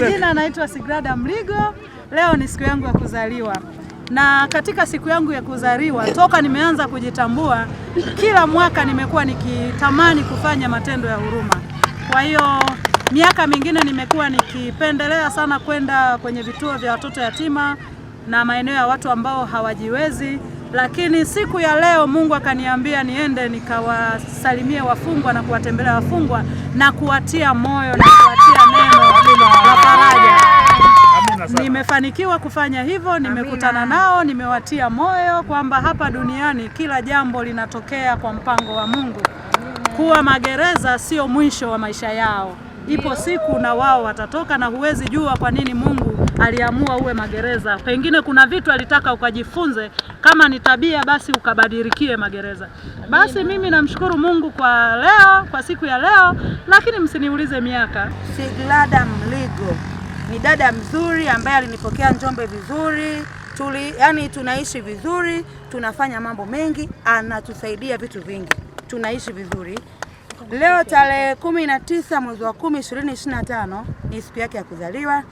majina anaitwa Sigrada Mligo. Leo ni siku yangu ya kuzaliwa, na katika siku yangu ya kuzaliwa, toka nimeanza kujitambua, kila mwaka nimekuwa nikitamani kufanya matendo ya huruma. Kwa hiyo miaka mingine nimekuwa nikipendelea sana kwenda kwenye vituo vya watoto yatima na maeneo ya watu ambao hawajiwezi, lakini siku ya leo Mungu akaniambia niende nikawasalimie wafungwa na kuwatembelea wafungwa na kuwatia moyo na kuwatia neno nimefanikiwa kufanya hivyo, nimekutana nao, nimewatia moyo kwamba hapa duniani kila jambo linatokea kwa mpango wa Mungu. Kuwa magereza sio mwisho wa maisha yao, ipo siku na wao watatoka, na huwezi jua kwa nini Mungu aliamua uwe magereza. Pengine kuna vitu alitaka ukajifunze, kama ni tabia basi ukabadilikie magereza. Basi mimi namshukuru Mungu kwa leo, kwa siku ya leo, lakini msiniulize miaka. Siglada Mligo ni dada mzuri ambaye alinipokea Njombe vizuri tuli, yani tunaishi vizuri, tunafanya mambo mengi, anatusaidia vitu vingi, tunaishi vizuri. Leo tarehe kumi na tisa mwezi wa kumi ishirini ishirini na tano ni siku yake ya kuzaliwa.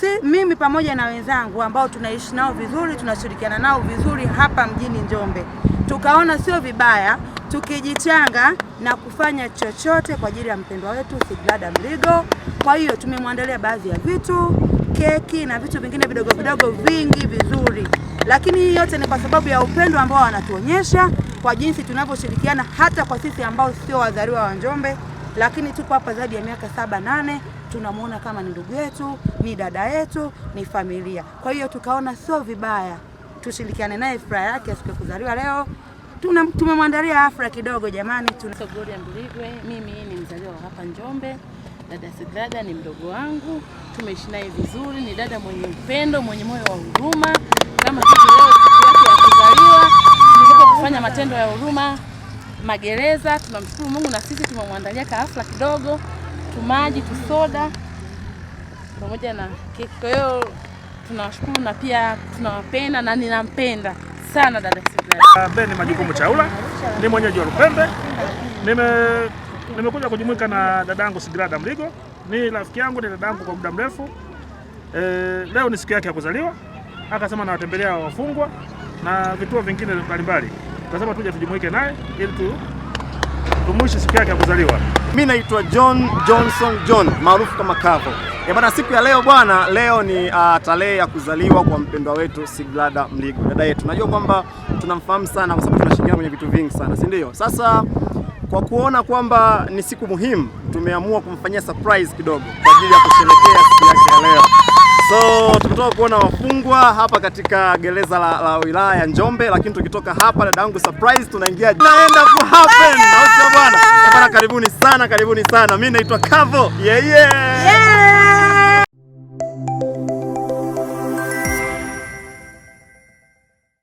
Si mimi pamoja na wenzangu ambao tunaishi nao vizuri, tunashirikiana nao vizuri hapa mjini Njombe, tukaona sio vibaya tukijichanga na kufanya chochote kwa ajili ya mpendwa wetu Sigrada Mligo. Kwa hiyo tumemwandalia baadhi ya vitu, keki na vitu vingine vidogo vidogo vingi vizuri, lakini hii yote ni kwa sababu ya upendo ambao wanatuonyesha kwa jinsi tunavyoshirikiana, hata kwa sisi ambao sio wazaliwa wa Njombe, lakini tuko hapa zaidi ya miaka saba nane tunamuona kama ni ndugu yetu, ni dada yetu, ni familia. Kwa hiyo tukaona sio vibaya tushirikiane naye, furaha yake siku ya kuzaliwa leo tuna tumemwandalia afra kidogo jamani. Tuna Gloria Mbiligwe, mimi ni mzaliwa wa hapa Njombe. Dada Sigrada ni mdogo wangu, tumeishi naye vizuri. Ni dada mwenye upendo, mwenye moyo wa huruma. Kama sisi leo siku yake ya kuzaliwa, nilipo kufanya matendo ya huruma magereza. Tunamshukuru Mungu na sisi tumemwandalia kaafla kidogo, tumaji, tusoda pamoja na keki. Kwa hiyo tunawashukuru na pia tunawapenda na ninampenda sana dada Sibe ah, ni majukumu Chaula, ni mwenyeji wa Lupembe. Nime nimekuja kujumuika na dadangu Sigrada Mligo, ni rafiki yangu, ni dadangu kwa muda mrefu. E, leo ni siku yake ya kuzaliwa, akasema nawatembelea wafungwa na vituo vingine mbalimbali, kasema tuje tujumuike naye ili tu tumwishi siku yake ya kuzaliwa. Mimi naitwa John Johnson John maarufu kama Kavo. E bana, siku ya leo bwana, leo ni uh, tarehe ya kuzaliwa kwa mpendwa wetu Sigrada Mligo, dada yetu. Najua kwamba tunamfahamu sana kwa sababu tunashirikiana kwenye vitu vingi sana, si ndio? Sasa kwa kuona kwamba ni siku muhimu, tumeamua kumfanyia surprise kidogo kwa ajili ya kusherehekea siku yake ya leo. So tumetoka kuona wafungwa hapa katika gereza la, la wilaya ya Njombe, lakini tukitoka hapa dada yangu, surprise tunaingia naenda ku happen eh, bwana. Karibuni sana, karibuni sana. Mimi naitwa Kavo. Yeah, yeah. yeah.